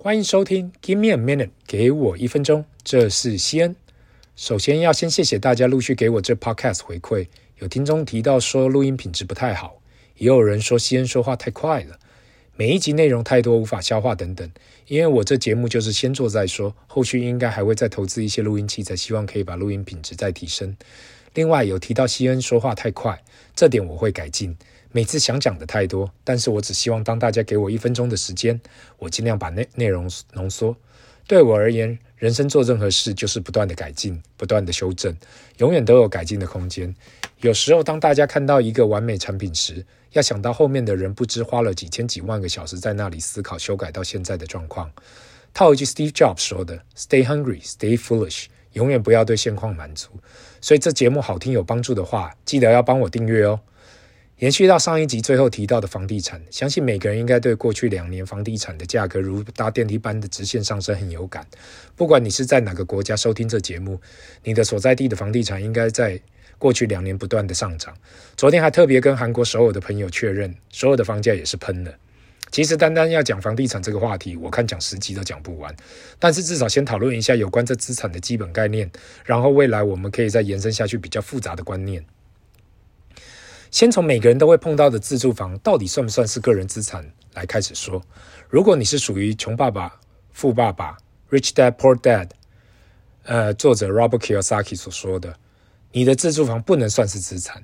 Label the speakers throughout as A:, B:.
A: 歡迎收聽 Give Me a Minute，給我一分鐘。這是西恩，首先要先謝謝大家陸續給我這 podcast 回饋。有聽眾提到說錄音品質不太好，也有人說西恩說話太快了，每一集內容太多無法消化等等。因為我這節目就是先做再說，後續應該還會再投資一些錄音器材，才希望可以把錄音品質再提升。另外有提到西恩說話太快，這點我會改進。每次想講的太多，但是我只希望當大家給我一分鐘的時間，我儘量把內內容濃縮。對我而言，人生做任何事就是不斷的改進，不斷的修正，永遠都有改進的空間。有時候，當大家看到一個完美產品時，要想到後面的人不知花了幾千幾萬個小時在那裡思考、修改到現在的狀況。套一句 Steve Jobs 說的：“Stay hungry, stay foolish。”永遠不要對現況滿足。所以，這節目好聽有幫助的話，記得要幫我訂閱哦。延續到上一集最後提到的房地產，相信每個人應該對過去兩年房地產的價格如搭電梯般的直線上升很有感。不管你是在哪個國家收聽這節目，你的所在地的房地產應該在過去兩年不斷的上漲。昨天還特別跟韓國首爾的朋友確認，所有的房價也是噴了。其實單單要講房地產這個話題，我看講十集都講不完。但是至少先討論一下有關這資產的基本概念，然後未來我們可以再延伸下去比較複雜的觀念。先從每個人都會碰到的自住房到底算不算是個人資產來開始說。如果你是屬於窮爸爸、富爸爸 （Rich Dad Poor Dad），呃，作者 Robert Kiyosaki 所說的，你的自住房不能算是資產。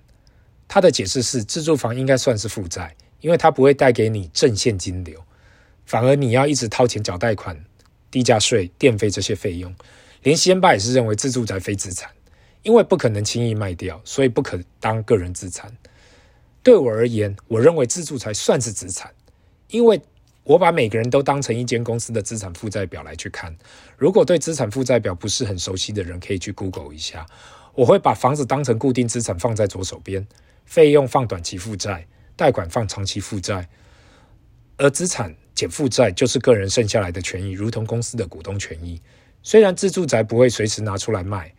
A: 他的解釋是，自住房應該算是負債，因為它不會帶給你正現金流，反而你要一直掏錢繳貸款、地價稅、電費這些費用。連先爸也是認為自住宅非資產，因為不可能輕易賣掉，所以不可當個人資產。對我而言，我認為自住才算是資產，因為我把每個人都當成一間公司的資產負債表來去看。如果對資產負債表不是很熟悉的人，可以去 Google 一下。我會把房子當成固定資產放在左手邊，費用放短期負債，貸款放長期負債，而資產減負債就是個人剩下來的權益，如同公司的股東權益。雖然自住宅不會隨時拿出來賣。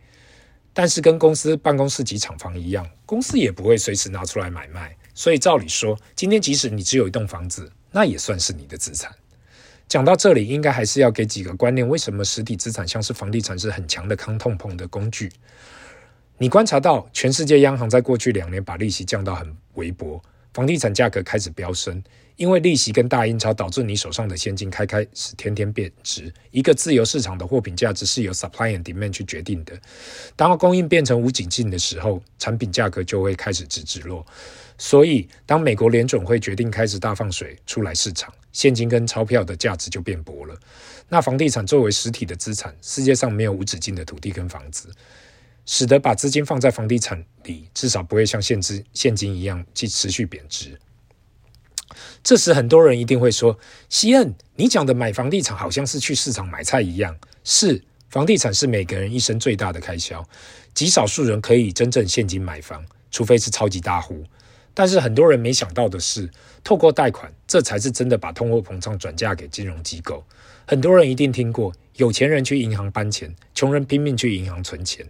A: 但是跟公司、辦公室及廠房一樣，公司也不會隨時拿出來買賣，所以照理說，今天即使你只有一棟房子，那也算是你的資產。講到這裡，應該還是要給幾個觀念：為什麼實體資產，像是房地產，是很強的抗通膨的工具？你觀察到，全世界央行在過去兩年把利息降到很微薄。房地產價格開始飆升，因為利息跟大印鈔導致你手上的現金開開始天天貶值。一個自由市場的貨品價值是由 supply and demand 去決定的。當供應變成無止境的時候，產品價格就會開始直直落。所以，當美國聯準會決定開始大放水出來市場，現金跟鈔票的價值就變薄了。那房地產作為實體的資產，世界上沒有無止境的土地跟房子。使得把資金放在房地產裡，至少不會像現資現金一樣去持續貶值。這時，很多人一定會說：“西恩，你講的買房地產好像是去市場買菜一樣。”是，房地產是每個人一生最大的開銷，極少數人可以真正現金買房，除非是超級大戶。但是，很多人沒想到的是，透過貸款，這才是真的把通貨膨脹轉嫁給金融機構。很多人一定聽過，有錢人去銀行搬錢，窮人拼命去銀行存錢。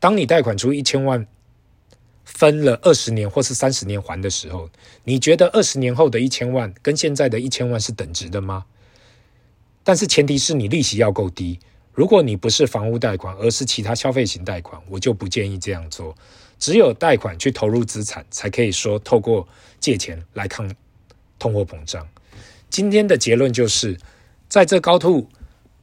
A: 當你貸款出一千萬，分了二十年或是三十年還的時候，你覺得二十年後的一千萬跟現在的一千萬是等值的嗎？但是前提是你利息要夠低。如果你不是房屋貸款，而是其他消費型貸款，我就不建議這樣做。只有貸款去投入資產，才可以說透過借錢來抗通貨膨脹。今天的結論就是，在這高度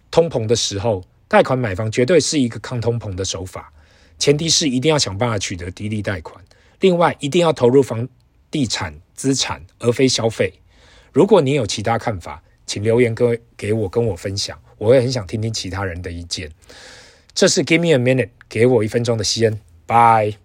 A: 通膨的時候，貸款買房絕對是一個抗通膨的手法。前提是一定要想辦法取得低利貸款，另外一定要投入房地產資產而非消費。如果你有其他看法，請留言給給我跟我分享，我會很想聽聽其他人的意見。這是 Give me a minute，給我一分鐘的西恩，拜。